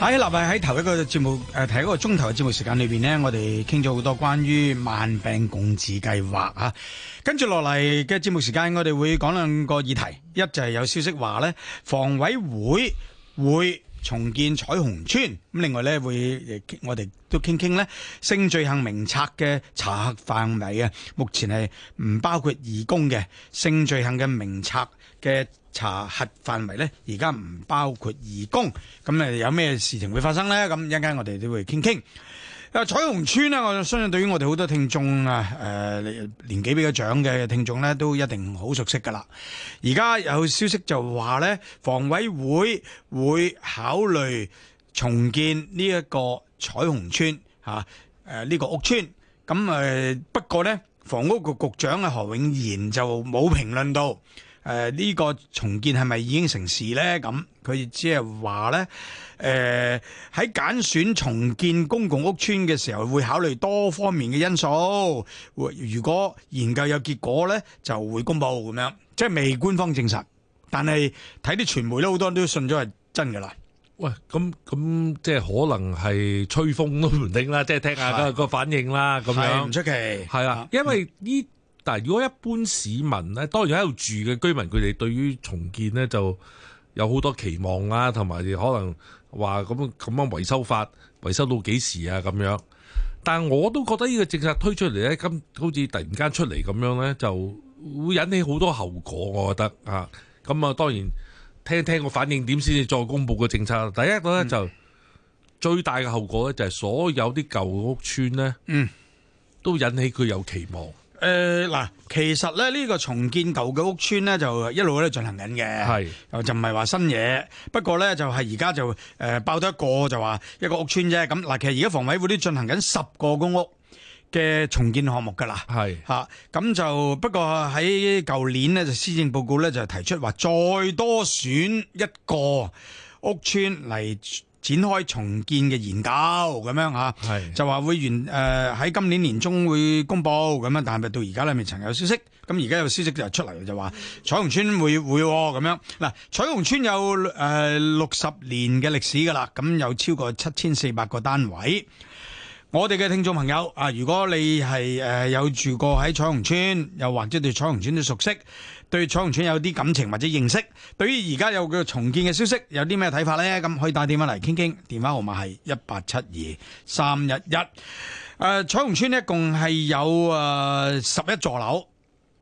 喺立喺頭一個節目誒，頭一個鐘頭嘅節目時間裏邊呢，我哋傾咗好多關於慢病共治計劃啊。跟住落嚟嘅節目時間，我哋會講兩個議題，一就係有消息話呢，房委會會重建彩虹邨。咁另外呢，會我哋都傾傾呢，性罪行名冊嘅查核範圍啊，目前係唔包括義工嘅性罪行嘅名冊。嘅查核範圍呢，而家唔包括義工，咁誒有咩事情會發生呢？咁一陣間我哋都會傾傾。彩虹邨呢，我相信對於我哋好多聽眾啊、呃，年紀比較長嘅聽眾呢，都一定好熟悉噶啦。而家有消息就話呢，房委會會考慮重建呢一個彩虹邨嚇，呢、啊呢個屋邨。咁、呃、不過呢，房屋局局長啊何永賢就冇評論到，誒呢、呃這個重建係咪已經成事咧？咁佢亦即係話咧，誒喺揀選重建公共屋邨嘅時候會考慮多方面嘅因素。如果研究有結果咧，就會公佈咁樣，即係未官方證實。但係睇啲傳媒咧，好多人都信咗係真㗎啦。喂，咁咁即係可能係吹風都唔定啦，即係聽下、嗰個反應啦，咁樣唔出奇。係啊，因為呢。嗯但如果一般市民咧，當然喺度住嘅居民，佢哋對於重建咧就有好多期望啊，同埋可能話咁咁樣維修法維修到幾時啊咁樣。但係我都覺得呢個政策推出嚟咧，今好似突然間出嚟咁樣咧，就會引起好多後果。我覺得啊，咁啊當然聽聽個反應點先至再公佈個政策。第一個咧、嗯、就最大嘅後果咧，就係所有啲舊的屋邨咧，嗯、都引起佢有期望。誒，嗱、呃，其實咧呢個重建舊嘅屋村咧，就一路咧進行緊嘅，是就就唔係話新嘢，不過咧就係而家就誒爆得一個就話一個屋村啫。咁嗱，其實而家房委會都進行緊十個公屋嘅重建項目噶啦，係吓咁就不過喺舊年呢，就施政報告咧就提出話再多選一個屋村嚟。展開重建嘅研究咁樣吓，是就話會完誒喺、呃、今年年中會公布咁樣，但係到而家咧未曾有消息。咁而家有消息就出嚟就話彩虹邨會會咁、哦、樣。嗱，彩虹邨有誒六十年嘅歷史噶啦，咁有超過七千四百個單位。我哋嘅聽眾朋友啊，如果你係誒有住過喺彩虹邨，又或者對彩虹邨都熟悉，對彩虹邨有啲感情或者認識，對於而家有個重建嘅消息，有啲咩睇法呢？咁可以打電話嚟傾傾，電話號碼係一八七二三一一。誒，彩虹邨一共係有誒十一座樓，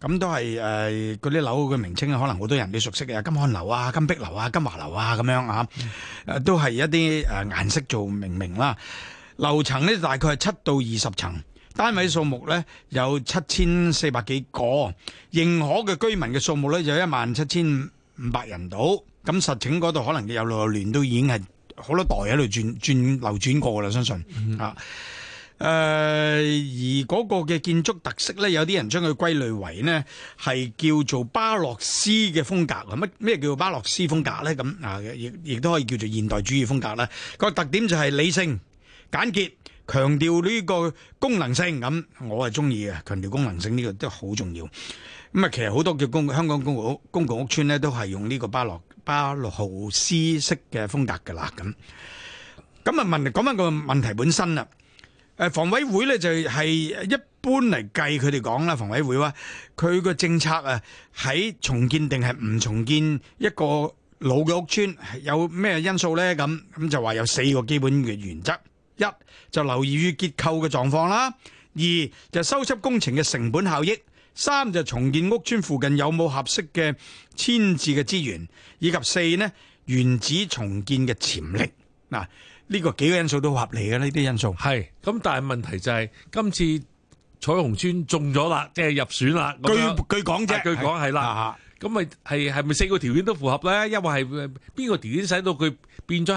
咁都係誒嗰啲樓嘅名稱，可能好多人都熟悉嘅，金漢樓啊、金碧樓啊、金碧樓啊金華樓啊咁樣啊，誒都係一啲誒顏色做命名啦。樓層呢大概係七到二十層，單位數目呢有七千四百幾個，認可嘅居民嘅數目呢就一萬七千五百人到。咁實情嗰度可能有六,六年都已經係好多代喺度轉轉流轉過噶啦，相信、嗯、啊。而嗰個嘅建築特色呢，有啲人將佢歸類為呢係叫做巴洛斯嘅風格，乜咩叫做巴洛斯風格呢？咁啊，亦亦都可以叫做現代主義風格啦。個特點就係理性。簡潔，強調呢個功能性咁，我係中意嘅。強調功能性呢個都好重要。咁啊，其實好多叫公香港公共公共屋邨都係用呢個巴洛巴洛豪斯式嘅風格噶啦。咁咁啊，問講翻個問題本身啦。誒，房委會呢就係一般嚟，計，佢哋講啦，房委會話佢個政策啊，喺重建定係唔重建一個老嘅屋邨，有咩因素呢？咁咁就話有四個基本嘅原則。一就留意於結構嘅狀況啦，二就修葺工程嘅成本效益，三就重建屋村附近有冇合適嘅遷置嘅資源，以及四呢原址重建嘅潛力。嗱，呢、這個幾個因素都好合理嘅呢啲因素。係，咁但係問題就係、是、今次彩虹邨中咗啦，即、就、係、是、入選啦。據、啊、據講說啫，據講係啦。是的是咁咪係咪四個條件都符合咧？因為係邊個條件使到佢變咗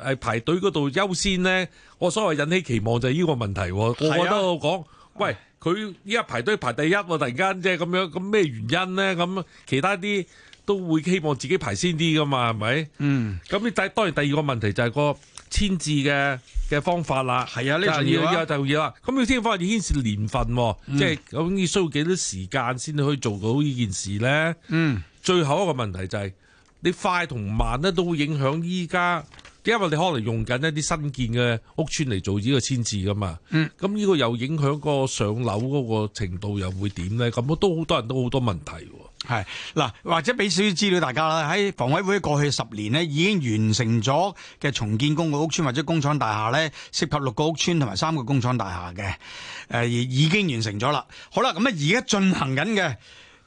喺排隊嗰度優先咧？我所謂引起期望就係呢個問題。我覺得我講，啊、喂，佢依家排隊排第一喎，突然間啫咁樣，咁咩原因咧？咁其他啲都會希望自己排先啲噶嘛，係咪？嗯。咁你當然第二個問題就係個。簽字嘅嘅方法啦，係啊，呢樣要就要第二啦。咁要簽方法要牽涉年份，嗯、即係究竟需要幾多時間先至可以做到呢件事咧？嗯，最後一個問題就係、是、你快同慢咧，都會影響依家，因為你可能用緊一啲新建嘅屋村嚟做呢個簽字㗎嘛。嗯，咁呢個又影響個上樓嗰個程度又會點咧？咁都好多人都好多問題。係嗱，或者俾少少資料大家啦。喺房委會過去十年咧，已經完成咗嘅重建公共屋邨或者工廠大廈咧，涉及六個屋邨同埋三個工廠大廈嘅，呃，已經完成咗啦。好啦，咁咧而家進行緊嘅。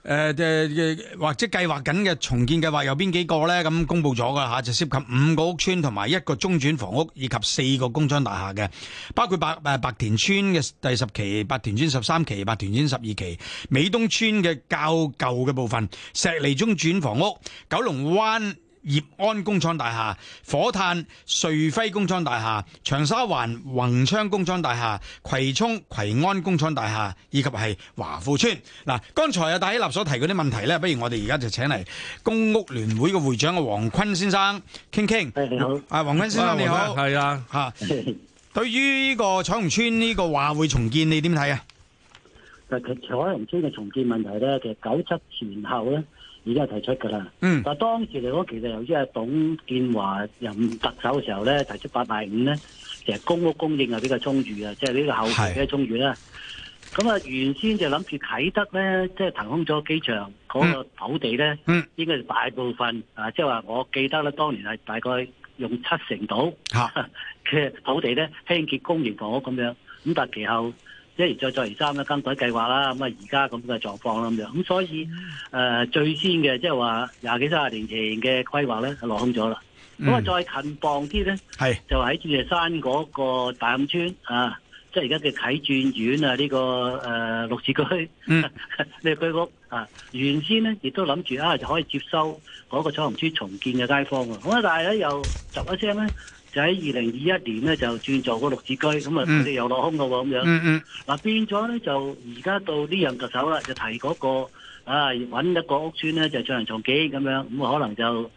誒誒、呃，或者計劃緊嘅重建計劃有邊幾個咧？咁公布咗㗎吓，就涉及五個屋村同埋一個中轉房屋，以及四個工廠大廈嘅，包括白誒白田村嘅第十期、白田村十三期、白田村十二期、美東村嘅較舊嘅部分、石籬中轉房屋、九龍灣、.葉安工廠大廈、火炭瑞輝工廠大廈、長沙灣宏昌工廠大廈、葵涌葵安工廠大廈以及係華富村。嗱，剛才啊大一立所提嗰啲問題咧，不如我哋而家就請嚟公屋聯會嘅會長啊王坤先生傾傾、嗯。你好。啊，王坤先生你好。係啊，吓。對於呢個彩虹邨呢個話會重建，你點睇啊？其實彩虹村嘅重建問題咧，其實九七前後咧已經係提出噶啦。嗯，但係當時嚟講，其實由於係董建華任特首嘅時候咧，提出八萬五咧，其實公屋供應係比較充裕啊，即係呢個後期比較充裕啦。咁是啊，原先就諗住啟德咧，即係騰空咗機場嗰、嗯、個土地咧，嗯、應該係大部分啊，即係話我記得咧，當年係大概用七成度嘅、啊、 土地咧，興建公營房屋咁樣。咁但係其後。一而再再而三咧更改計劃啦，咁啊而家咁嘅狀況啦，咁樣咁所以誒、呃、最先嘅即係話廿幾三十年前嘅規劃咧就落空咗啦。咁啊、嗯、再近傍啲咧，是就喺鑽石山嗰個大磡村啊，即係而家嘅啟鑽苑啊呢、呢個誒綠置居列居屋啊，原先咧亦都諗住啊就可以接收嗰個彩虹邨重建嘅街坊咁啊，但係咧又窒一聲咧。就喺二零二一年咧，就轉做個六字居，咁啊佢哋又落空嘅喎，咁樣、嗯。嗱、嗯嗯、變咗咧，就而家到呢樣特首啦，就提嗰、那個啊揾一個屋村咧，就進行重建。咁樣，咁可能就誒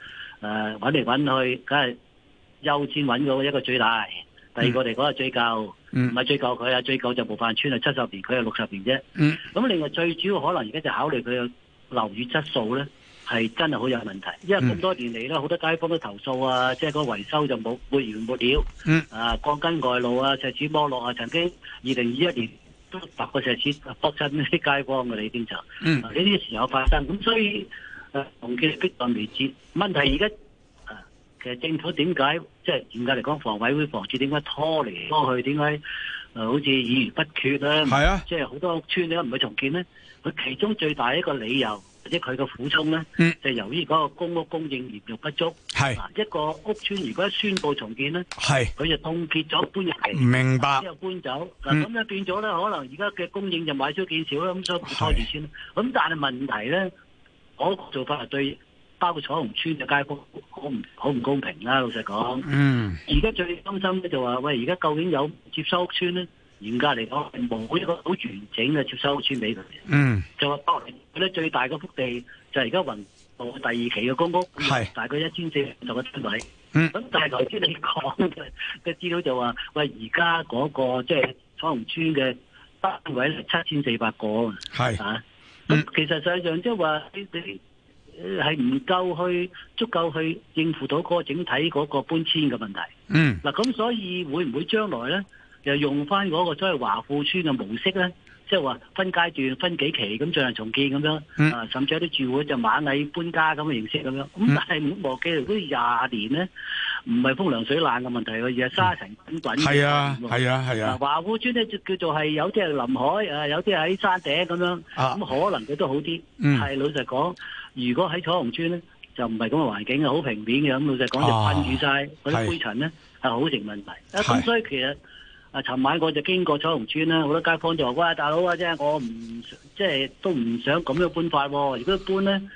揾嚟揾去，梗係優先揾咗一個最大，第二個嚟講係最舊，唔係、嗯嗯、最舊佢啊，最舊就部分村啊七十年，佢係六十年啫。咁、嗯、另外最主要可能而家就考慮佢嘅樓宇質素咧。係真係好有問題，因為咁多年嚟咧，好多街坊都投訴啊，即係個維修就冇沒完沒了。嗯啊，鋼筋外露啊，石屎剝落啊，曾經二零二一年都發過石屎撲親啲街坊嘅呢邊就呢啲時候發生，咁所以重建迫在眉睫。問題而家啊，其實政府點解即係嚴格嚟講，房、就是、委會、房署點解拖嚟拖去？點解誒好似議而不決咧？係啊，即係好多屋村點解唔去重建咧？佢其中最大一個理由。即係佢個苦衷咧，就由於嗰個公屋供應嚴重不足。係，一個屋村如果一宣布重建咧，係，佢就凍結咗，搬入嚟唔明白，之後搬走。嗱，咁就變咗咧，可能而家嘅供應就買少幾少啦。咁所以拖住先。咁但係問題咧，嗰個做法係對包括彩虹邨嘅街坊好唔好唔公平啦。老實講，嗯，而家最擔心咧就話，喂，而家究竟有接收屋村咧？而家嚟講係冇一個好完整嘅接收村畀佢。嗯，就話當括佢咧最大嘅幅地就係而家雲霧第二期嘅公屋，係是大概一千四十個單位，嗯，咁但係頭先你講嘅嘅資料就話，喂，而家嗰個即係彩虹村嘅單位七千四百個，係是啊，咁、嗯、其實實際上即係話你你係唔夠去足夠去應付到嗰個整體嗰個搬遷嘅問題，嗯，嗱咁所以會唔會將來咧？又用翻嗰個所謂華富村嘅模式咧，即係話分階段、分幾期咁進行重建咁樣，嗯、啊甚至有啲住戶就螞蟻搬家咁嘅形式咁樣。咁、嗯嗯、但係忘記如果廿年咧，唔係風涼水冷嘅問題，而係沙塵滾滾嘅問題。係、嗯、啊，係啊，係啊。啊啊華富村咧叫做係有啲係臨海，啊有啲係喺山頂咁樣，咁、嗯啊、可能佢都好啲。係、嗯、老實講，如果喺彩虹村咧，就唔係咁嘅環境，好平面嘅咁老實講、哦、就困住晒，嗰啲灰塵咧係是好成問題。啊咁，是所以其實。啊！尋晚我就經過彩虹邨啦，好多街坊就話：哇！大佬啊，即係我唔即係都唔想咁樣搬法、哦。如果一搬咧，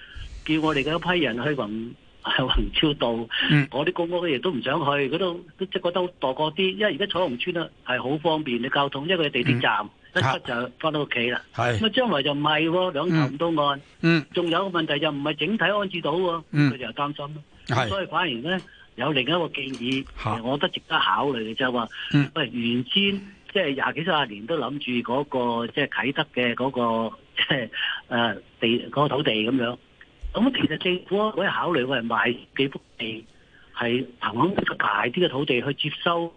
叫我哋嘅一批人去宏去宏照道，我啲、嗯、公屋嘅嘢都唔想去，佢都即係覺得墮過啲。因為而家彩虹邨啦係好方便啲交通，因為佢嗯、一個地鐵站一出就翻到屋企啦。咁啊將來就唔係兩頭唔到岸，仲、嗯嗯、有一個問題就唔係整體安置到、哦，佢、嗯、就擔心。是所以反而咧。有另一個建議，我覺得值得考慮嘅就係話，喂、就係，嗯、原先即係廿幾卅年都諗住嗰個即係啟德嘅嗰、嗰個即係誒地嗰、嗰個土地咁樣。咁其實政府可以考慮，我係賣幾幅地，係平均啲大啲嘅土地去接收，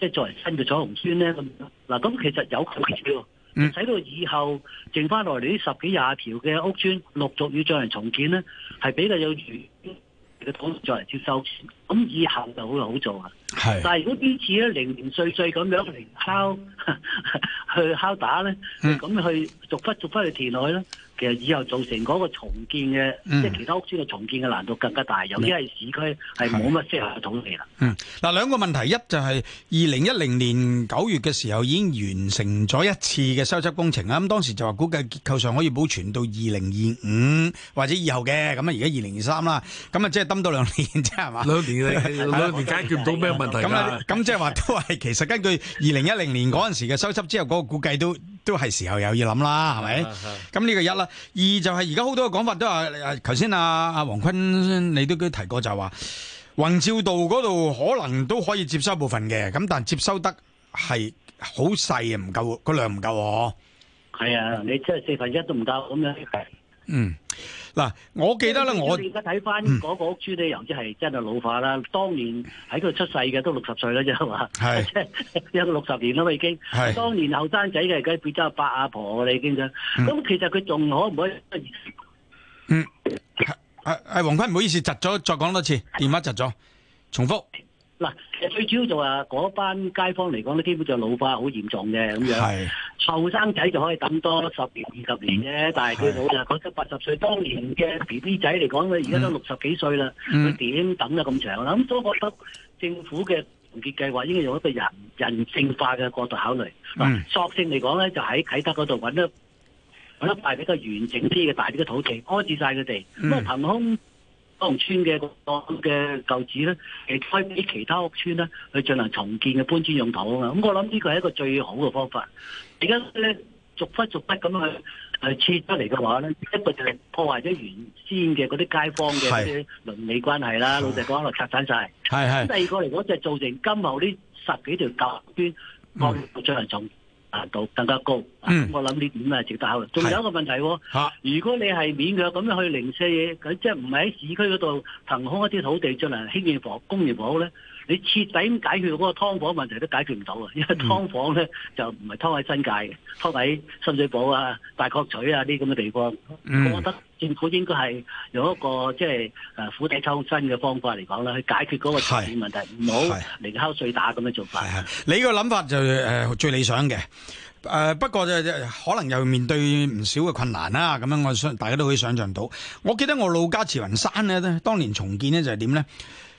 即、就、係、是、作為新嘅彩虹邨咧咁。嗱，咁、啊、其實有機會，嗯、使到以後剩翻落嚟呢十幾廿條嘅屋邨陸續要進行重建咧，係比較有餘。個土再嚟接收，咁以後就好好做啊。是但係如果呢次咧零零碎碎咁樣嚟敲呵呵，去敲打咧，咁、嗯、去逐忽逐忽去填落去啦。其實以後造成嗰個重建嘅，即係其他屋村嘅重建嘅難度更加大，尤其係市區係冇乜適合嘅土地啦。嗯，嗱兩個問題，一就係二零一零年九月嘅時候已經完成咗一次嘅修葺工程啦。咁當時就話估計結構上可以保存到二零二五或者以後嘅。咁啊，而家二零二三啦，咁啊即係等多兩年啫，係嘛？兩年你兩年解決唔到咩問題啦？咁啊，咁即係話都係其實根據二零一零年嗰陣時嘅修葺之後嗰個估計都。都係時候又要諗啦，係咪？咁呢個一啦，二就係而家好多嘅講法都話，誒、啊，頭先阿阿王坤你都都提過就話，宏照道嗰度可能都可以接收部分嘅，咁但接收得係好細啊，唔夠個量唔夠，係啊，你即係四分一都唔夠咁樣，嗯。嗱，我記得咧，我而家睇翻嗰個屋邨咧，即係真係老化啦。當年喺佢出世嘅都六十歲啦，即係話，即係六十年啦，已經。係當年後生仔嘅梗係變咗阿八阿婆啦，已經咁。咁其實佢仲可唔可以？嗯，誒誒，王坤，唔好意思，窒咗，再講多次，電話窒咗，重複。嗱，其實最主要就話嗰班街坊嚟講咧，基本上老化好嚴重嘅咁樣，後是生仔就可以等多十年、二十年啫。是但係佢老就覺得八十歲，當年嘅 B B 仔嚟講，佢而家都六十幾歲啦，佢點等得咁長啦？咁所以覺得政府嘅重建計劃應該用一個人人性化嘅角度考慮。嗯、索性嚟講咧，就喺啟德嗰度揾一大比較完整啲嘅大啲嘅土地，安置晒佢哋。不過、嗯，憑空。不同村嘅個嘅舊址咧，係推俾其他屋村咧去進行重建嘅搬遷用途啊嘛。咁我諗呢個係一個最好嘅方法。而家咧逐忽逐忽咁去誒拆出嚟嘅話咧，一個就係破壞咗原先嘅嗰啲街坊嘅啲鄰里關係啦。是老實講落拆散晒，係係。第二個嚟講就係造成今後呢十幾條舊村，我哋要進行重建。難度更加高。嗯、我諗呢點咧值得考慮。仲有一個問題，如果你係勉強咁樣去零舍嘢，佢即係唔係喺市區嗰度騰空一啲土地，進行興建房工業房屋咧。你徹底解決嗰個劏房問題都解決唔到啊，因為劏房咧就唔係劏喺新界嘅，劏喺深水埗啊、大角咀啊啲咁嘅地方。嗯、我覺得政府應該係用一個即係誒釜底抽薪嘅方法嚟講啦，去解決嗰個地價問題，唔好零敲碎打咁嘅做法。你個諗法就誒、呃、最理想嘅，誒、呃、不過就可能又面對唔少嘅困難啦。咁樣我想大家都可以想象到。我記得我老家慈雲山咧，當年重建就呢就係點咧？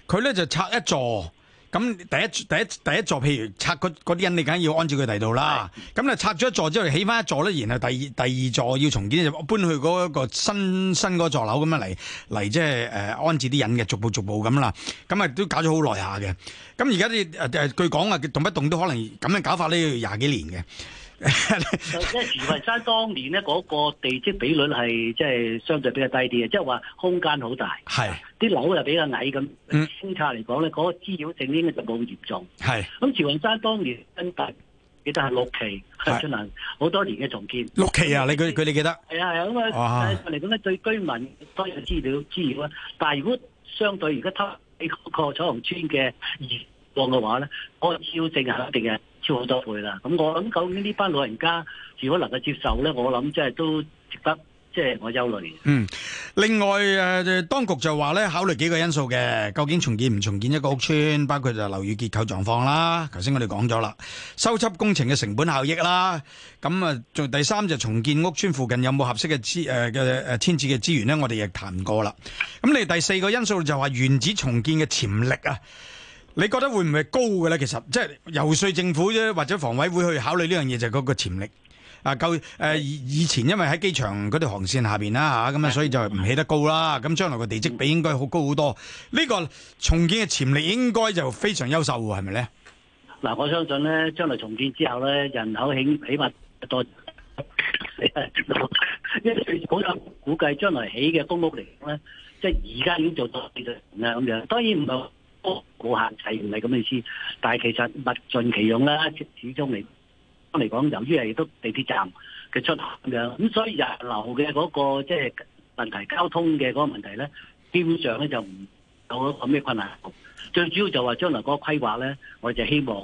佢咧就拆一座。咁第一第一第一座，譬如拆嗰嗰啲人，你梗要安置佢第度啦。咁啊的，拆咗一座之後，起返一座咧，然後第二第二座要重建就搬去嗰個新新嗰座樓咁樣嚟嚟，即係誒安置啲人嘅，逐步逐步咁啦。咁啊都搞咗好耐下嘅。咁而家啲誒據講啊，動不動都可能咁樣搞法咧，要廿幾年嘅。即係慈雲山當年咧嗰個地積比率係即係相對比較低啲嘅，即係話空間好大，係啲樓又比較矮咁。觀察嚟講咧，嗰個滋擾性應該就冇咁嚴重。係咁慈雲山當年登得記得係六期出好是多年嘅重建。六期啊？嗯、你佢佢哋記得？係啊係啊，咁啊嚟講咧，哇對居民都有滋擾滋擾啊。但係如果相對而家睇嗰個彩虹邨嘅現狀嘅話咧，個滋擾性係一定嘅。超好多倍啦！咁我諗，究竟呢班老人家如果能夠接受咧？我諗，即係都值得，即係我憂慮。嗯，另外誒、呃，當局就話咧，考慮幾個因素嘅，究竟重建唔重建一個屋村，包括就樓宇結構狀況啦，頭先我哋講咗啦，修葺工程嘅成本效益啦，咁、嗯、啊，第三就重建屋村附近有冇合適嘅資誒嘅誒，嘅、呃、資、啊啊啊、源咧，我哋亦談過啦。咁你第四個因素就話原址重建嘅潛力啊！你覺得會唔會高嘅咧？其實即係遊說政府啫，或者房委會去考慮呢樣嘢，就嗰個潛力啊，夠誒！以前因為喺機場嗰條航線下邊啦吓，咁樣所以就唔起得高啦。咁將來個地積比應該好高好多。呢個重建嘅潛力應該就非常優秀，係咪咧？嗱，我相信咧，將來重建之後咧，人口起起碼多， 因為好有估計將來起嘅公屋嚟講咧，即係而家已經做到四十萬啦咁樣。當然唔係。多顧客，係唔係咁嘅意思？但係其實物盡其用啦，始終嚟嚟講，由於係都地鐵站嘅出行，咁樣咁所以人流嘅嗰個即係問題，交通嘅嗰個問題咧，基本上咧就唔有咁咩困難。最主要就話將來嗰個規劃咧，我就希望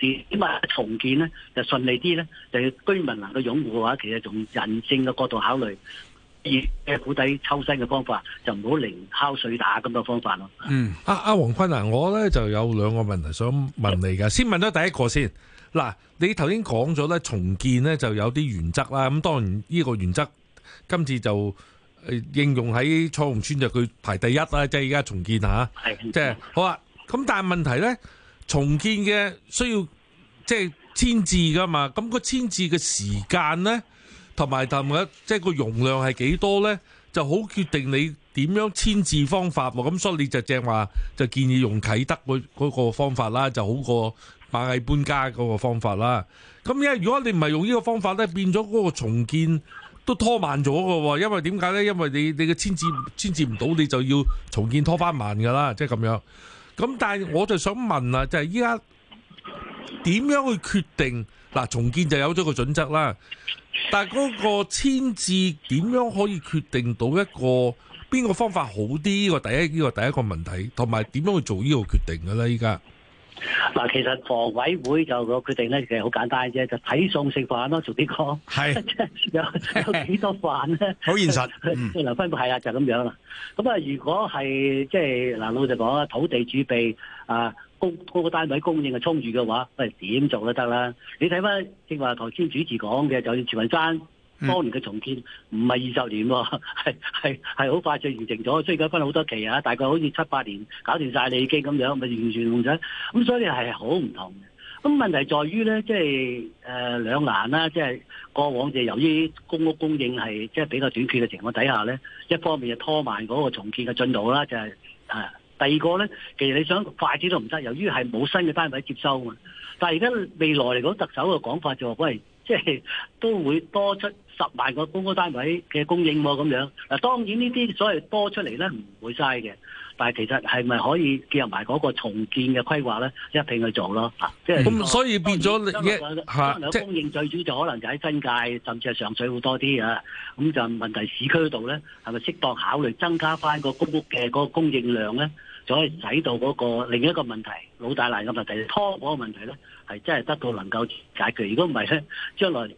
起碼重建咧就順利啲咧，就要居民能夠擁護嘅話，其實從人性嘅角度考慮。以釜底抽薪嘅方法，就唔好零敲碎打咁多方法咯。嗯，阿阿王坤嗱，我咧就有兩個問題想問你㗎。的先問咗第一個先。嗱，你頭先講咗咧，重建咧就有啲原則啦。咁、嗯、當然呢個原則，今次就、呃、應用喺彩虹邨就佢排第一啦。即係而家重建下，即、啊、係的、就是、好啊。咁但係問題咧，重建嘅需要即係、就是、簽字㗎嘛。咁、那個簽字嘅時間咧？同埋同即係個容量係幾多呢？就好決定你點樣遷置方法喎。咁所以你就正話就建議用啟德嗰個方法啦，就好過螞蟻搬家嗰個方法啦。咁因為如果你唔係用呢個方法呢，變咗嗰個重建都拖慢咗㗎喎。因為點解呢？因為你你嘅遷置遷置唔到，你就要重建拖返慢㗎啦，即係咁樣。咁但係我就想問啊，就係依家點樣去決定嗱、啊、重建就有咗個準則啦？但係嗰個簽字點樣可以決定到一個邊個方法好啲？呢、這個第一呢、這個第一個問題，同埋點樣去做呢個決定嘅咧？依家嗱，其實房委會就個決定咧，其實好簡單嘅啫，就睇餸食飯咯，做啲工，係是 有有幾多飯咧？好現實即係嚟分配，係啊、 嗯，就咁樣啦。咁啊，如果係即係嗱，老實講啊，土地儲備啊。呃公、個單位供應係充裕嘅話，喂，點做都得啦。你睇翻正話頭先主持講嘅，就慈雲山當年嘅重建，唔係二十年喎，係係好快就完成咗。雖然講分好多期啊，大概好似七八年搞掂晒，你已經咁樣咪完全控咗。咁所以係好唔同。咁問題在於咧，即係誒兩難啦。即、就、係、是、過往就由於公屋供應係即係比較短缺嘅情況底下咧，一方面就拖慢嗰個重建嘅進度啦，就係、是。啊第二個咧，其實你想快啲都唔得，由於係冇新嘅單位接收啊嘛。但係而家未來嚟講，特首嘅講法就話，喂，即係都會多出十萬個公屋單位嘅供應喎，咁樣嗱。當然呢啲所謂多出嚟咧，唔會嘥嘅。但係其實係咪可以結合埋嗰個重建嘅規劃咧一併去做咯？啊，即係咁、嗯，所以變咗你一供應最主要就可能就喺新界，即甚至係上水好多啲啊。咁就問題市區度咧，係咪適當考慮增加翻個公屋嘅嗰個供應量咧，就可以使到嗰個另一個問題，老大難嘅問題拖嗰個問題咧，係真係得到能夠解決。如果唔係咧，將來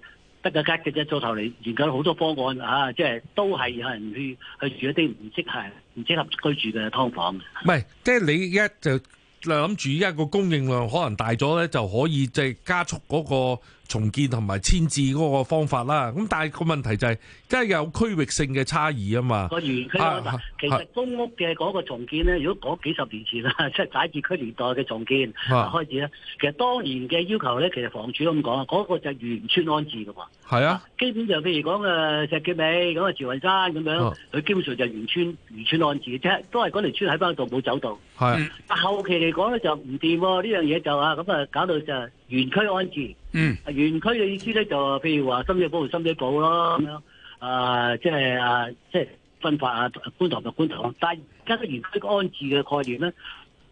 得個吉嘅啫。再頭嚟研究好多方案嚇、啊，即係都係有人去去住一啲唔適合。唔適合居住嘅劏房，唔係即係你一就諗住一個供應量可能大咗咧，就可以即係加速嗰個。重建同埋遷置嗰個方法啦，咁但係個問題就係、是，真係有區域性嘅差異啊嘛。個原區、啊、其實公屋嘅嗰個重建咧，啊、如果講幾十年前啦、啊、即係徙置區年代嘅重建、啊、開始咧，其實當年嘅要求咧，其實房署都咁講啊，嗰、那個就原村安置噶嘛。係啊，基本上譬如講啊石硤尾咁啊慈雲山咁樣，佢、啊、基本上就原村原村安置嘅啫，即是都係嗰條村喺翻度冇走到，係、啊，但、嗯、後期嚟講咧就唔掂呢樣嘢就啊咁啊搞到就原區安置。嗯，園區嘅意思咧，就譬如話深水埗深水埗咯咁樣啊，即係啊即係分發啊觀塘同觀塘，但係而家個園區個安置嘅概念咧，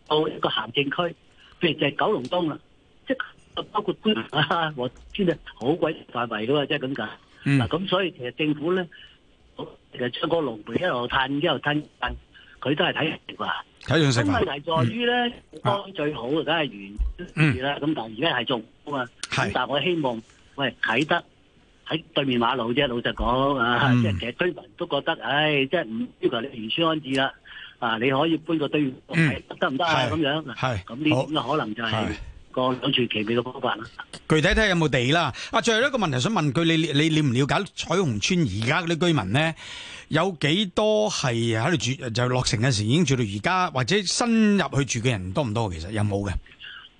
到一個行政區，譬如就係九龍東啦，即係包括觀塘啊和兼好鬼範圍嘅嘛，即係咁講。嗱，咁所以其實政府咧，其實將個龍盤一路攤之後攤，佢都係睇人哋話。咁問題在於咧，當最好梗係原住啦，咁但係而家係政府啊，咁但我希望，喂，睇得喺對面馬路啫。老實講啊，即係其實居民都覺得，唉，即係唔要求你原村安置啦，啊，你可以搬個堆得唔得咁樣，咁呢點嘅可能就係個兩全其美嘅方法啦。具體睇下有冇地啦。啊，最後一個問題想問佢，你你了唔了解彩虹邨而家嗰啲居民咧？有幾多係喺度住就落成嘅時已經住到而家，或者新入去住嘅人多唔多？其實有冇嘅？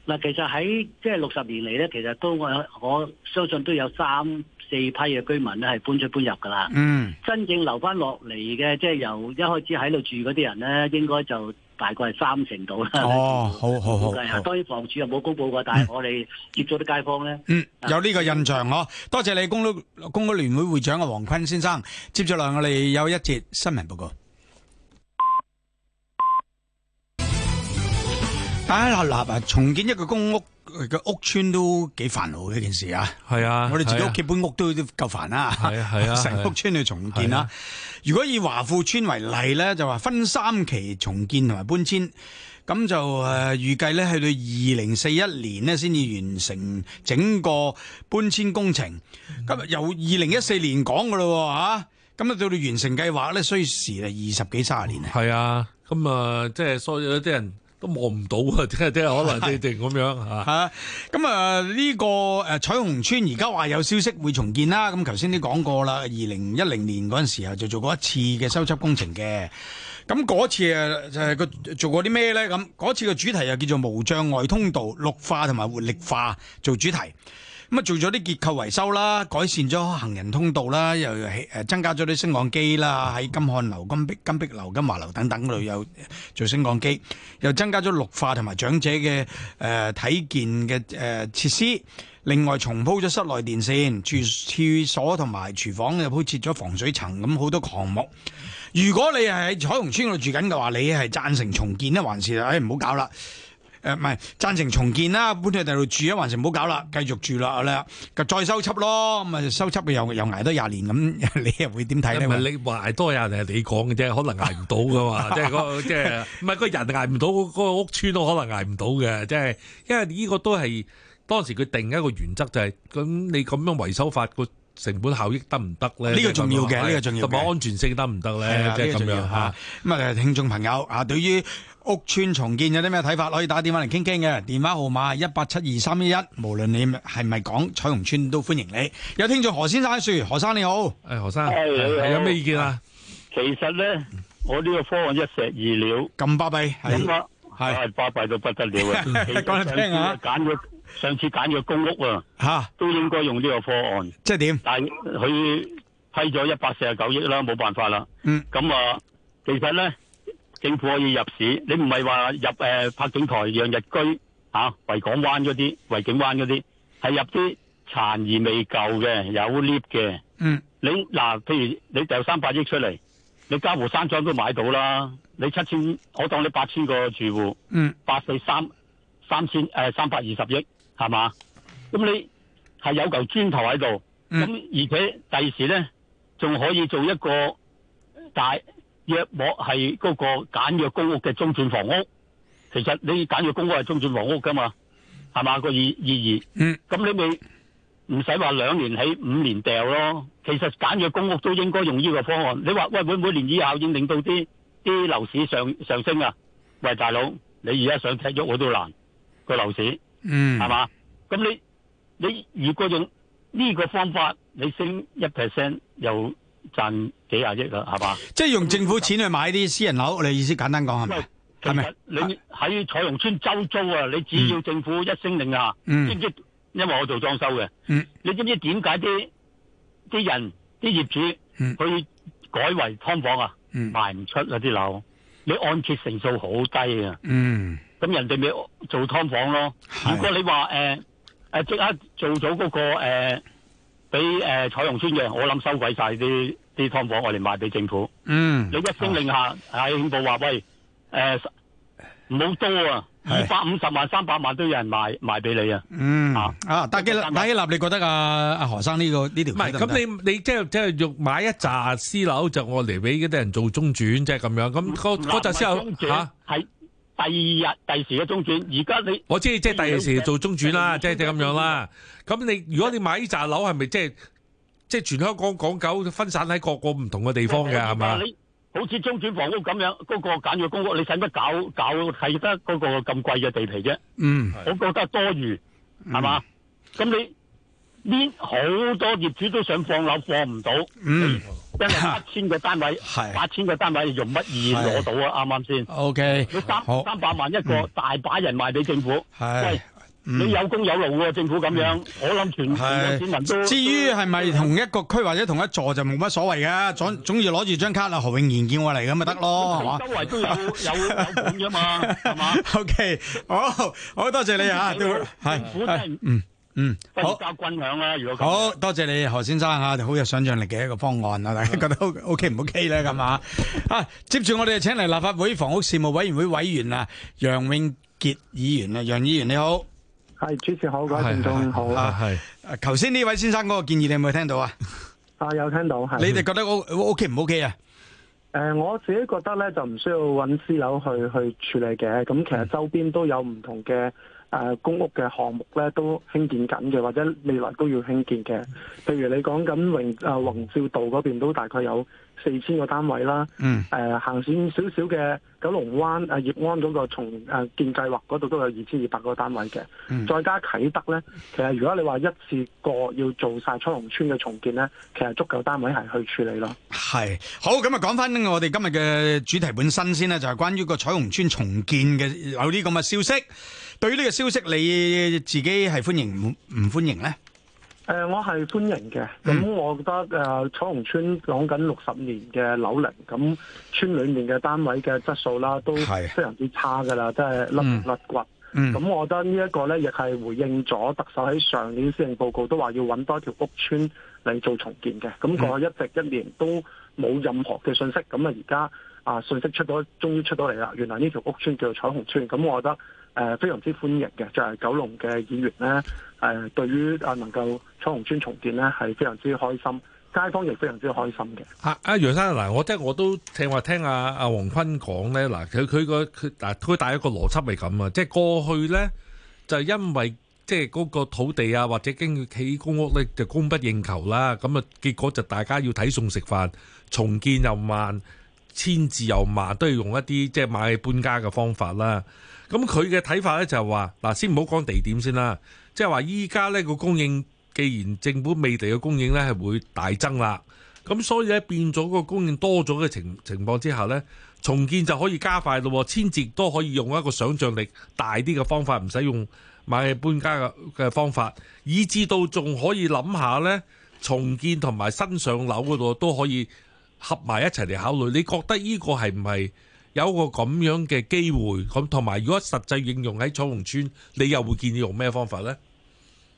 嗱，其實喺即係六十年嚟咧，其實都我我相信都有三四批嘅居民咧係搬出搬入噶啦。嗯，真正留翻落嚟嘅，即係由一開始喺度住嗰啲人咧，應該就。大概係三成度啦。哦，好好好，當然房署又冇公布過，但係我哋接咗啲街坊咧，嗯，有呢個印象咯。多謝你公屋公屋聯會會長嘅王坤先生。接住嚟，我哋有一節新聞報告。打下立啊，重建一個公屋。個屋村都幾煩惱嘅件事啊，係啊，我哋自己屋企搬屋都都夠煩啊。係啊，成屋村去重建啦。啊啊啊、如果以華富村為例咧，就話分三期重建同埋搬遷，咁就誒預計咧去到二零四一年呢，先至完成整個搬遷工程。咁、嗯、由二零一四年講噶喇吓咁啊到到完成計劃咧需時啊二十幾卅年係啊。係、嗯、啊，咁啊即係所有啲人。望唔到啊！即係即係，可能你定咁樣吓。咁 啊，呢、啊啊這個誒彩虹邨而家話有消息會重建啦。咁頭先都講過啦，二零一零年嗰陣時候就做過一次嘅修葺工程嘅。咁嗰次誒、啊、就係、是、個做過啲咩咧？咁嗰次嘅主題又叫做無障礙通道、綠化同埋活力化做主題。咁啊，做咗啲結構維修啦，改善咗行人通道啦，又增加咗啲升降機啦，喺金漢樓、金碧金碧樓、金華樓等等度又做升降機，又增加咗綠化同埋長者嘅誒、呃、體健嘅誒、呃、設施，另外重鋪咗室內電線、廁廁所同埋廚房又鋪設咗防水層，咁好多項目。如果你係喺彩虹村度住緊嘅話，你係贊成重建呢還是誒唔好搞啦？誒，唔係贊成重建啦，搬去第度住啊？還是唔好搞啦，繼續住啦啦，就再修葺咯，咁啊修葺又又挨多廿年咁，你又會點睇咧？唔係你挨多廿年係你講嘅啫，可能挨唔到噶嘛，即係即係唔係個人挨唔到，嗰個屋邨都可能挨唔到嘅，即係因為呢個都係當時佢定一個原則就係，咁你咁樣維修法個成本效益得唔得咧？呢個重要嘅，呢個重要，同埋安全性得唔得咧？即係咁樣吓。咁啊，聽眾朋友啊，對於。屋邨重建有啲咩睇法？可以打電話嚟傾傾嘅，電話號碼一八七二三一一。無論你係咪講彩虹邨，都歡迎你。有聽眾何先生說：何生你好，誒、哎、何生，有咩意見啊？其實咧，我呢個方案一石二鳥，咁巴閉，係係巴閉到不得了啊！講嚟聽啊揀咗上次揀咗公屋啊，吓都應該用呢個方案。即係點？但係佢批咗一百四十九億啦，冇辦法啦。嗯，咁啊，其實咧。政府可以入市，你唔係話入誒柏景台讓日居吓維、啊、港灣嗰啲、維景灣嗰啲，係入啲殘而未舊嘅有 lift 嘅。嗯，你嗱、啊，譬如你有三百億出嚟，你嘉湖山莊都買到啦。你七千，我當你八千個住戶，嗯，八四三三千誒三百二十億係嘛？咁你係有嚿磚頭喺度，咁而且第時咧仲可以做一個大。約莫係嗰個簡約公屋嘅中轉房屋，其實你簡約公屋係中轉房屋噶嘛，係嘛個意意義？咁你咪唔使話兩年起五年掉咯。其實簡約公屋都應該用呢個方案。你話喂，會唔會連效應令到啲啲樓市上上升啊？喂大佬，你而家想踢足我都難個樓市，係嘛？咁你你如果用呢個方法，你升一 percent 又？賺幾廿億啦，係嘛？即係用政府錢去買啲私人樓，嗯、你意思簡單講係咪？係咪為？吧你喺彩虹邨周租啊？你只要政府一聲令下，嗯、知唔知？因為我做裝修嘅，嗯、你知唔知點解啲啲人啲業主去改為劏房啊？賣唔、嗯、出啊！啲樓你按揭成數好低啊！嗯，咁人哋咪做劏房咯。的如果你話誒誒即刻做咗嗰、那個誒。呃喺誒彩虹邨嘅，我諗收鬼曬啲啲劏房，我嚟賣俾政府。嗯，你一聲令下喺宣佈話，喂，誒唔好多啊，二百五十萬、三百萬都有人賣賣俾你啊。嗯啊啊，但係但係立，你覺得阿阿何生呢個呢條？唔係咁，你你即係即係要買一紮私樓，就我嚟俾嗰啲人做中轉即係咁樣。咁嗰嗰紮私樓嚇。第二日第時嘅中轉，而家你我知即係第二時，中轉第二時做中轉啦，即係咁樣啦。咁你如果你買呢扎樓，係咪即係即係全香港港九分散喺各個唔同嘅地方嘅係嘛？是是吧你好似中轉房屋咁樣，嗰、那個簡約公屋，你使乜搞搞係得嗰個咁貴嘅地皮啫？嗯，我覺得多餘係嘛？咁、嗯、你。呢好多業主都想放樓，放唔到，因為八千個單位，八千個單位用乜嘢攞到啊？啱唔啱先？O K，你三三百萬一個，大把人賣俾政府。係，你有工有勞喎，政府咁樣，我諗全全有錢人都。至於係咪同一個區或者同一座就冇乜所謂嘅，總總要攞住張卡啊！何永賢叫我嚟咁咪得咯，係嘛？周圍都有有有款嘅嘛，係嘛？O K，好，好多謝你嚇，都係。嗯。嗯，多交均享啦。如果好多謝你何先生吓，好有想象力嘅一個方案啊！大家覺得 O K 唔 O K 咧咁啊？啊，接住我哋請嚟立法會房屋事務委員會委員啊，楊永杰議員啊，楊議員你好，係主持好，各位聽眾好啊。係，頭先呢位先生嗰個建議你有冇聽到啊？啊，有聽到，係。你哋覺得 O O K 唔 O K 啊？誒，我自己覺得咧就唔需要揾私樓去去處理嘅，咁其實周邊都有唔同嘅。誒、呃，公屋嘅項目咧都興建緊嘅，或者未來都要興建嘅。譬如你講緊榮誒宏少道嗰邊都大概有四千個單位啦。嗯。誒、呃，行線少少嘅九龍灣誒葉安嗰個重誒建計劃嗰度都有二千二百個單位嘅。嗯，再加啟德咧，其實如果你話一次過要做晒彩虹邨嘅重建咧，其實足夠單位係去處理咯。係。好，咁啊，講翻我哋今日嘅主題本身先啦，就係、是、關於個彩虹邨重建嘅有啲咁嘅消息。對於呢個消息，你自己係歡迎唔歡迎呢？誒、呃，我係歡迎嘅。咁我覺得誒，彩虹、嗯呃、村講緊六十年嘅樓齡，咁村裏面嘅單位嘅質素啦，都係非常之差噶啦，即係甩皮甩骨。咁、嗯、我覺得呢一個呢，亦係回應咗特首喺上年施政報告都話要揾多條屋村。你做重建嘅，咁、那、我、個、一直一年都冇任何嘅信息，咁啊而家啊信息出咗，終於出咗嚟啦！原來呢條屋邨叫做彩虹邨，咁我覺得誒、呃、非常之歡迎嘅，就係、是、九龍嘅議員咧誒、呃，對於啊能夠彩虹邨重建咧係非常之開心，街坊亦非常之開心嘅。阿阿、啊啊、楊生嗱，我即係我都聽話聽阿阿王坤講咧嗱，佢佢個佢嗱佢帶一個邏輯係咁啊，即係過去咧就是、因為。即係嗰個土地啊，或者經要起公屋咧，就供不應求啦。咁啊，結果就大家要睇餸食飯，重建又慢，遷置又慢，都要用一啲即係買搬家嘅方法啦。咁佢嘅睇法咧就話：嗱，先唔好講地點先啦，即係話依家呢個供應，既然政府未來嘅供應咧係會大增啦，咁所以咧變咗個供應多咗嘅情情況之下咧，重建就可以加快咯，遷置都可以用一個想像力大啲嘅方法，唔使用，用。買搬家嘅方法，以至到仲可以諗下呢重建同埋新上樓嗰度都可以合埋一齊嚟考慮。你覺得呢個係唔係有一個咁樣嘅機會？咁同埋如果實際應用喺彩虹邨，你又會建議用咩方法呢？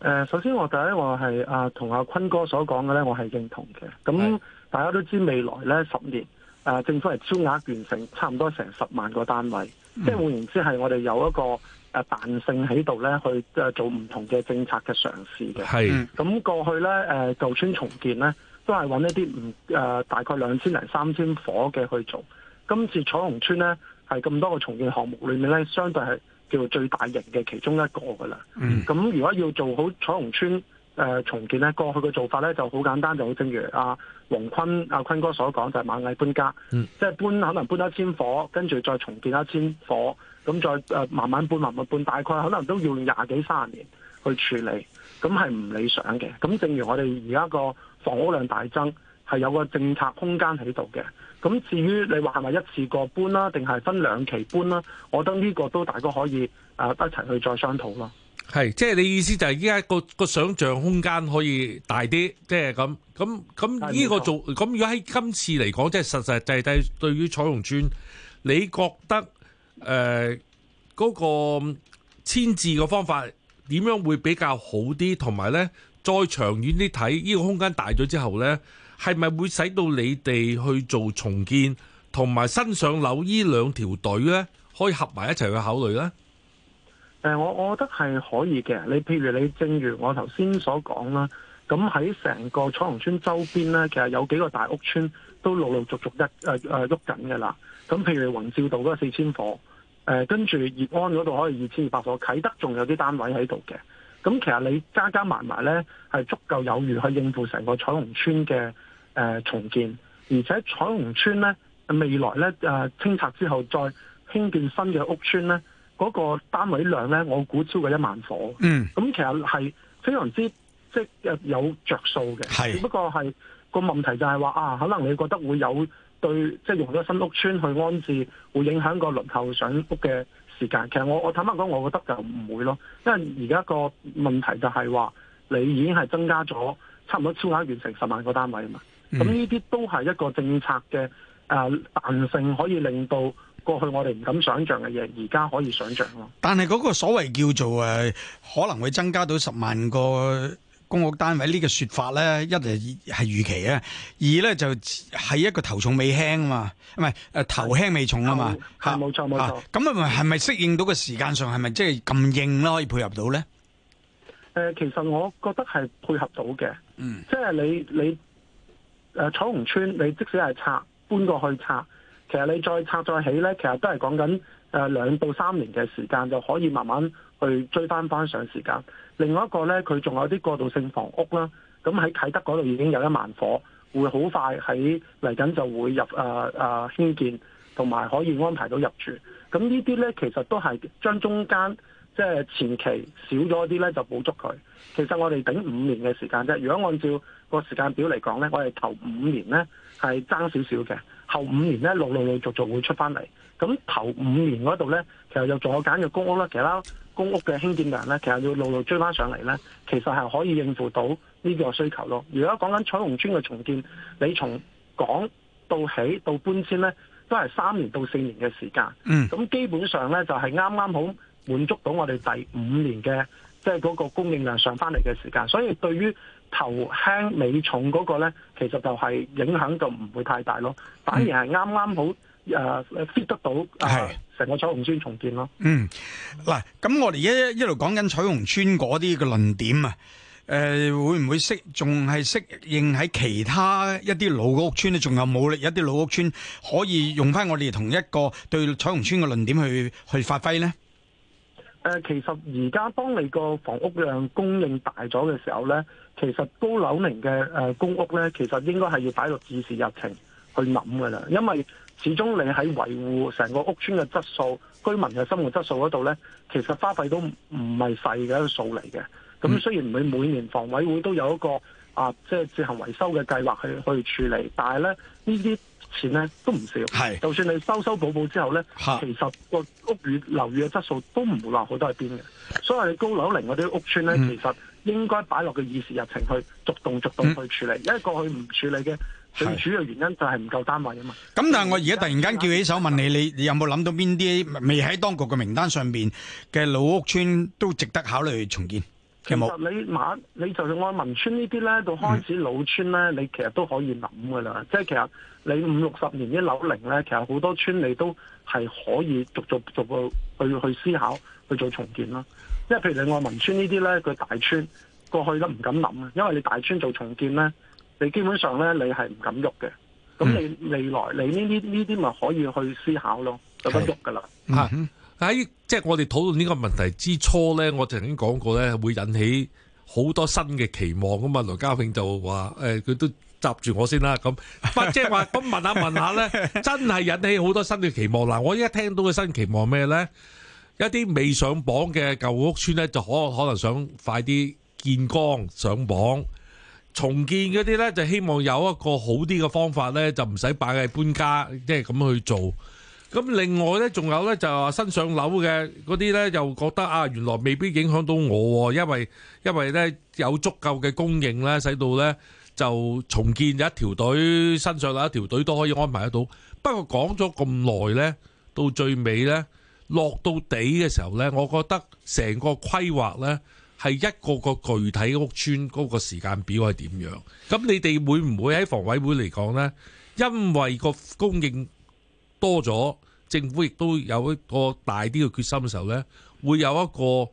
誒、呃，首先我第一話係啊，同、呃、阿坤哥所講嘅呢，我係認同嘅。咁是大家都知道未來呢十年，誒、呃、政府係超額完成差唔多成十萬個單位，即係換言之係我哋有一個。誒，彈性喺度咧，去誒做唔同嘅政策嘅嘗試嘅。係。咁過去咧，誒舊村重建咧，都係揾一啲唔誒大概兩千零三千伙嘅去做。今次彩虹村咧，係咁多個重建項目裏面咧，相對係叫做最大型嘅其中一個噶啦。嗯。咁如果要做好彩虹邨誒重建咧，過去嘅做法咧就好簡單，就好正如阿王坤阿坤哥所講，就係螞蟻搬家，即係搬可能搬一千伙，跟住再重建一千伙。咁再誒慢慢搬，慢慢搬，大概可能都要廿幾三十年去處理，咁係唔理想嘅。咁正如我哋而家個房屋量大增，係有個政策空間喺度嘅。咁至於你話係咪一次過搬啦，定係分兩期搬啦？我覺得呢個都大家可以誒、呃、一齊去再商討咯。係，即係你意思就係依家個個想像空間可以大啲，即係咁咁咁呢個做咁？如果喺今次嚟講，即係實實際際對於彩虹邨，你覺得？誒，嗰、呃那個遷置嘅方法點樣會比較好啲？同埋呢，再長遠啲睇，呢、這個空間大咗之後呢，係咪會使到你哋去做重建同埋新上樓呢兩條隊呢，可以合埋一齊去考慮呢？誒、呃，我我覺得係可以嘅。你譬如你，正如我頭先所講啦，咁喺成個彩虹邨周邊呢，其實有幾個大屋邨都陸陸續續一誒誒喐緊嘅啦。咁、呃、譬如宏照道都係四千伙。誒跟住業安嗰度可以二千二百伙，啟德仲有啲單位喺度嘅，咁其實你加加埋埋咧，係足夠有餘去應付成個彩虹邨嘅誒、呃、重建，而且彩虹邨咧未來咧誒、呃、清拆之後再興建新嘅屋村咧，嗰、那個單位量咧，我估超過一萬夥，嗯，咁其實係非常之即有着數嘅，是只不過係個問題就係話啊，可能你覺得會有。對，即係用咗新屋邨去安置，會影響個輪候上屋嘅時間。其實我我坦白講，我覺得就唔會咯，因為而家個問題就係話，你已經係增加咗差唔多超額完成十萬個單位啊嘛。咁呢啲都係一個政策嘅誒彈性，可以令到過去我哋唔敢想象嘅嘢，而家可以想象咯。但係嗰個所謂叫做誒、呃，可能會增加到十萬個。公屋單位呢個説法咧，一嚟係預期啊，二咧就係一個頭重尾輕啊嘛，唔係誒頭輕尾重、嗯、啊嘛，係冇錯冇錯。咁啊，係咪係咪、嗯、適應到個時間上係咪即係咁硬咧可以配合到咧？誒、呃，其實我覺得係配合到嘅，嗯，即係你你誒彩虹邨，你即使係拆搬過去拆，其實你再拆再起咧，其實都係講緊。誒兩到三年嘅時間就可以慢慢去追翻翻上時間。另外一個呢，佢仲有啲過渡性房屋啦。咁喺啟德嗰度已經有一萬伙，會好快喺嚟緊就會入誒誒、啊啊、興建，同埋可以安排到入住。咁呢啲呢，其實都係將中間即係、就是、前期少咗啲呢，就補足佢。其實我哋頂五年嘅時間啫。如果按照個時間表嚟講呢，我哋頭五年呢係爭少少嘅，後五年呢陸陸續續續會出翻嚟。咁頭五年嗰度咧，其實又仲有簡約公屋啦。其實啦，公屋嘅興建量呢，咧，其實要陸路，路追翻上嚟咧，其實係可以應付到呢個需求咯。如果講緊彩虹邨嘅重建，你從講到起到搬遷咧，都係三年到四年嘅時間。嗯，咁基本上咧就係啱啱好滿足到我哋第五年嘅即係嗰個供應量上翻嚟嘅時間。所以對於頭輕尾重嗰個咧，其實就係影響就唔會太大咯。反而係啱啱好。誒，fit 得到成個彩虹村重建咯。嗯，嗱，咁我哋一一路講緊彩虹村嗰啲嘅論點啊，誒，會唔會適，仲係適應喺其他一啲老屋村咧？仲有冇咧？一啲老屋村可以用翻我哋同一個對彩虹村嘅論點去去發揮咧？誒，其實而家當你個房屋量供應大咗嘅時候咧，其實高樓齡嘅誒公屋咧，其實應該係要擺入議事日程。去諗㗎喇，因為始終你喺維護成個屋邨嘅質素、居民嘅生活質素嗰度咧，其實花費都唔係細嘅一個數嚟嘅。咁雖然每每年房委會都有一個啊，即係自行維修嘅計劃去去處理，但係咧呢啲錢咧都唔少。係是，就算你收收補補之後咧，哈其實個屋宇樓宇嘅質素都唔會好好多去邊嘅。所以高樓齡嗰啲屋邨咧，嗯、其實應該擺落個議事日程去逐棟逐棟去處理，因為過去唔處理嘅。最主要的原因就係唔夠單位啊嘛。咁但係我而家突然間叫起手問你，你你有冇諗到邊啲未喺當局嘅名單上邊嘅老屋村都值得考慮重建？有有其實你馬你就算愛民村這些呢啲咧，到開始老村咧，你其實都可以諗噶啦。嗯、即係其實你五六十年啲樓齡咧，其實好多村你都係可以逐逐逐去去思考去做重建咯。即係譬如你愛民村這些呢啲咧，佢大村過去都唔敢諗啊，因為你大村做重建咧。你基本上咧，你係唔敢喐嘅。咁你未來，你呢啲呢啲咪可以去思考咯，就得喐噶啦。嚇！喺即係我哋討論呢個問題之初咧，我就已經講過咧，會引起好多新嘅期望咁啊。梁家慶就話，誒，佢都閘住我先啦。咁，不即係話咁問下問下咧，真係引起好多新嘅期望。嗱，我依家聽到嘅新期望咩咧？一啲未上榜嘅舊屋村咧，就可可能想快啲見光上榜。重建嗰啲呢，就希望有一個好啲嘅方法呢，就唔使擺喺搬家，即係咁去做。咁另外呢，仲有呢，就話新上樓嘅嗰啲呢，又覺得啊，原來未必影響到我，哦，因為因為呢有足夠嘅供應呢，使到呢，就重建一條隊，新上樓一條隊都可以安排得到。不過講咗咁耐呢，到最尾呢，落到底嘅時候呢，我覺得成個規劃呢。係一個個具體屋邨嗰個時間表係點樣？咁你哋會唔會喺房委會嚟講呢？因為個供應多咗，政府亦都有一個大啲嘅決心嘅時候呢，會有一個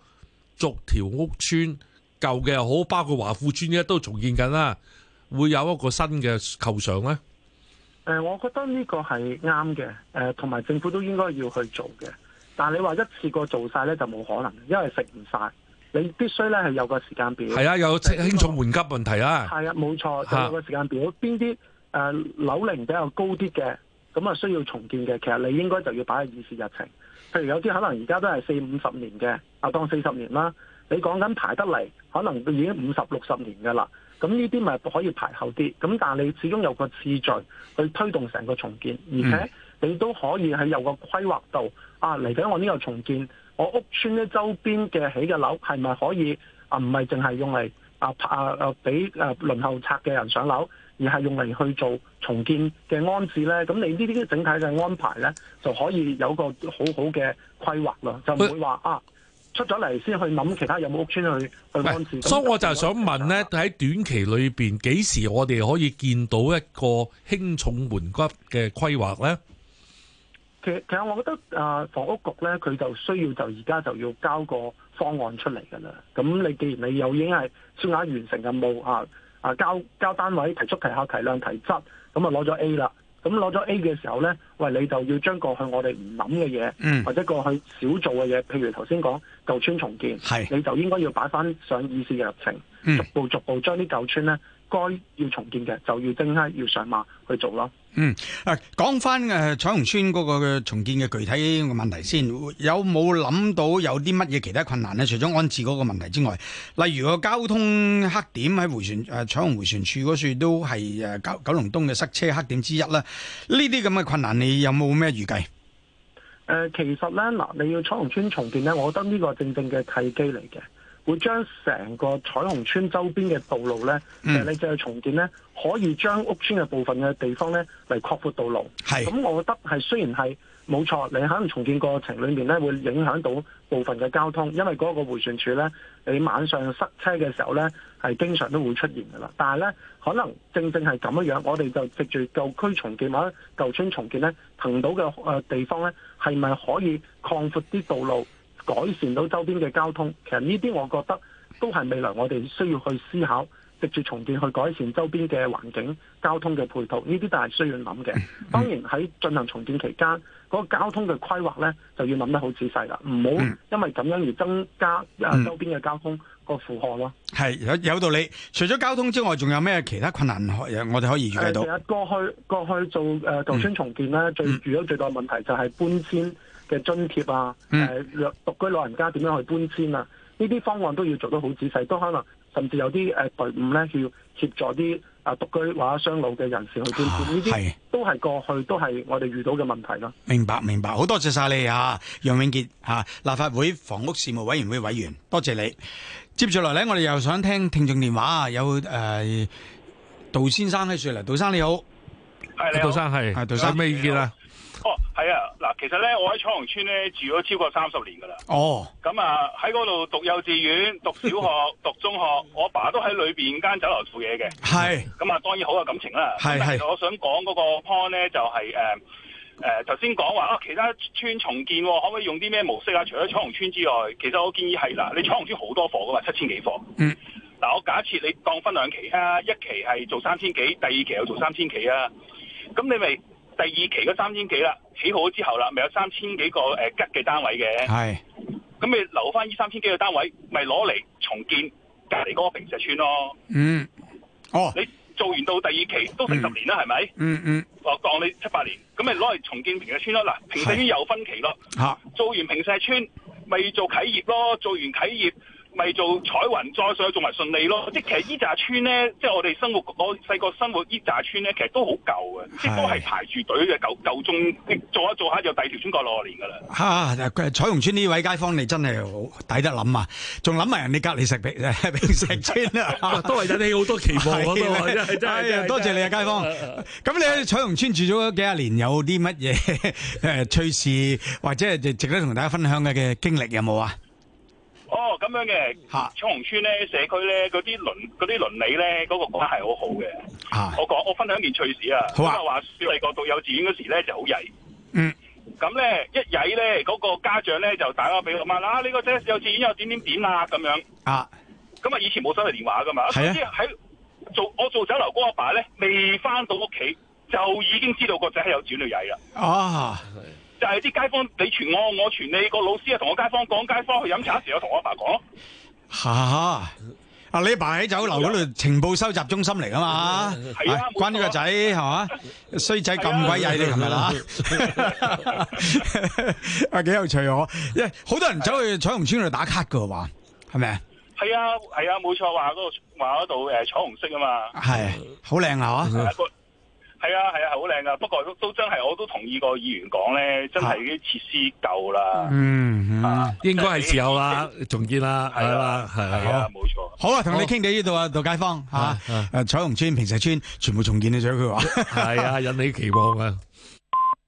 逐條屋邨，舊嘅又好，包括華富邨，呢都在重建緊啦，會有一個新嘅構想呢。誒、呃，我覺得呢個係啱嘅。誒、呃，同埋政府都應該要去做嘅。但係你話一次過做晒呢，就冇可能，因為食唔晒。你必須咧係有個時間表。係啊，有輕重緩急問題啊，係啊，冇錯，就有個時間表。邊啲誒樓齡比較高啲嘅、咁啊需要重建嘅，其實你應該就要擺喺議事日程。譬如有啲可能而家都係四五十年嘅，啊當四十年啦。你講緊排得嚟，可能已經五十六十年嘅啦。咁呢啲咪可以排後啲。咁但係你始終有個次序去推動成個重建，而且你都可以係有個規劃度啊嚟緊。來我呢個重建。我屋邨咧周邊嘅起嘅樓係咪可以啊？唔係淨係用嚟啊啊啊俾啊輪候拆嘅人上樓，而係用嚟去做重建嘅安置咧？咁你呢啲整體嘅安排咧，就可以有個好好嘅規劃啦，就唔會話喂啊出咗嚟先去諗其他有冇屋邨去去安置。所以我就想問咧，喺短期裏邊幾時我哋可以見到一個輕重緩急嘅規劃咧？其其實我覺得啊，房屋局咧，佢就需要就而家就要交個方案出嚟㗎啦。咁你既然你又已經係算下完成嘅務啊啊，交交單位提速提效提量提質，咁啊攞咗 A 啦。咁攞咗 A 嘅時候咧，喂，你就要將過去我哋唔諗嘅嘢，嗯、或者過去少做嘅嘢，譬如頭先講舊村重建，係是你就應該要擺翻上議事嘅日程，逐步逐步將啲舊村咧。該要重建嘅就要即刻要上馬去做咯。嗯，誒、啊，講翻誒彩虹邨嗰個重建嘅具體嘅問題先，有冇諗到有啲乜嘢其他困難咧？除咗安置嗰個問題之外，例如個交通黑點喺回旋誒彩虹回旋處嗰處都係誒、啊、九九龍東嘅塞車黑點之一啦。呢啲咁嘅困難，你有冇咩預計？誒、呃，其實咧，嗱，你要彩虹邨重建咧，我覺得呢個係正正嘅契機嚟嘅。會將成個彩虹邨周邊嘅道路呢，你就去重建呢，可以將屋村嘅部分嘅地方呢嚟擴闊道路。咁是我覺得係雖然係冇錯，你可能重建過程裏面呢會影響到部分嘅交通，因為嗰個迴旋處呢，你晚上塞車嘅時候呢係經常都會出現噶啦。但係呢，可能正正係咁樣我哋就藉住舊區重建或者舊村重建呢，騰到嘅地方呢係咪可以擴闊啲道路？改善到周邊嘅交通，其實呢啲我覺得都係未來我哋需要去思考，藉住重建去改善周邊嘅環境、交通嘅配套，呢啲都係需要諗嘅。當然喺進行重建期間嗰、嗯、個交通嘅規劃咧就要諗得好仔細啦，唔好因為咁樣而增加周邊嘅交通個負荷咯。係，有有道理。除咗交通之外，仲有咩其他困難？我哋可以預計到、呃。其實過去過去做舊、呃、舊村重建咧，最主要最大問題就係搬遷。嘅津貼啊，誒、呃，獨居老人家點樣去搬遷啊？呢啲方案都要做得好仔細，都可能甚至有啲誒隊伍咧，要協助啲啊獨居或者雙老嘅人士去搬遷。呢啲、啊、都係過去都係我哋遇到嘅問題咯。明白明白，好多謝晒你啊，楊永杰啊，立法會房屋事務委員會委員，多謝你。接住落嚟咧，我哋又想聽聽眾電話啊，有誒、呃、杜先生喺度嚟，杜生你好，係、hey，杜生係，杜生，杜生好有咩意見啊？係啊，嗱，其實咧，我喺彩虹村咧住咗超過三十年噶啦。哦、oh. 嗯，咁啊，喺嗰度讀幼稚園、讀小學、 讀中學，我爸，爸都喺裏邊間酒樓做嘢嘅。係是，咁啊、嗯嗯，當然好有感情啦。係系是，但我想講嗰個 point 咧、就是，就係誒誒，頭先講話啊，其他村重建可、哦、唔可以用啲咩模式啊？除咗彩虹村之外，其實我建議係嗱，你彩虹村好多貨噶嘛，七千幾貨嗯，嗱，我假設你當分兩期啊，一期係做三千幾，第二期又做三千幾啊，咁你咪第二期嗰三千幾啦。起好之後啦，咪有三千幾個誒、呃、吉嘅單位嘅，咁係你留翻呢三千幾個單位，咪攞嚟重建隔離嗰個平石村咯。嗯，哦，你做完到第二期都成十年啦，係咪、嗯？係係嗯嗯，我當你七八年，咁咪攞嚟重建平石村咯。嗱，平石村有分期咯，嚇，做完平石村咪做啟業咯，做完啟業。咪做彩雲再水，仲係順利咯。即係其實依扎村咧，即係我哋生活我細個生活依扎村咧，其實,其實都好舊嘅，即係是都係排住隊嘅舊舊中做一做下就第二條村過落嚟㗎啦。彩虹邨呢位街坊你真係好抵得諗啊，仲諗埋人哋隔離食食食。村 啊， 都係引起好多期望嘅、啊。多謝你啊，街坊。咁你喺彩虹邨住咗幾廿年，有啲乜嘢趣事或者係值得同大家分享嘅嘅經歷有冇啊？哦，咁樣嘅，彩、啊、虹邨咧，社區咧，嗰啲鄰理啲鄰里咧，嗰、嗰個關係好好嘅。啊、我講，我分享一件趣事啊。咁啊，話細個到幼稚園嗰時咧，就好曳。嗯，咁咧一曳咧，嗰、嗰個家長咧就打我俾我，問啦呢個仔幼稚園又點點點啊，咁樣。啊，咁啊，啊以前冇手提電話噶嘛。係啊。喺做我做酒樓嗰阿爸咧，未翻到屋企就已經知道個仔喺幼稚園度曳啦。啊。就係啲街坊，你傳我，我傳你，個老師啊同我街坊講，街坊去飲茶時，我同我阿爸講咯。吓，阿你爸喺酒樓嗰度情報收集中心嚟啊嘛？係啊，關於個仔係嘛？衰仔咁鬼曳你係咪啦？啊，幾有趣哦！因為好多人走去彩虹村嗰度打卡噶話係咪啊？係啊，係啊，冇錯話嗰度話度誒，彩虹色啊嘛。係，好靚啊！係啊，係啊，好靚噶不過都真係，我都同意個議員講咧，真係啲設施舊啦。嗯，應該係時候啦，重建啦，係啦，係啊，冇錯。好啦，同你傾偈呢度啊，杜介芳啊，彩虹村、平石村全部重建嘅消息，係啊，引起期望啊。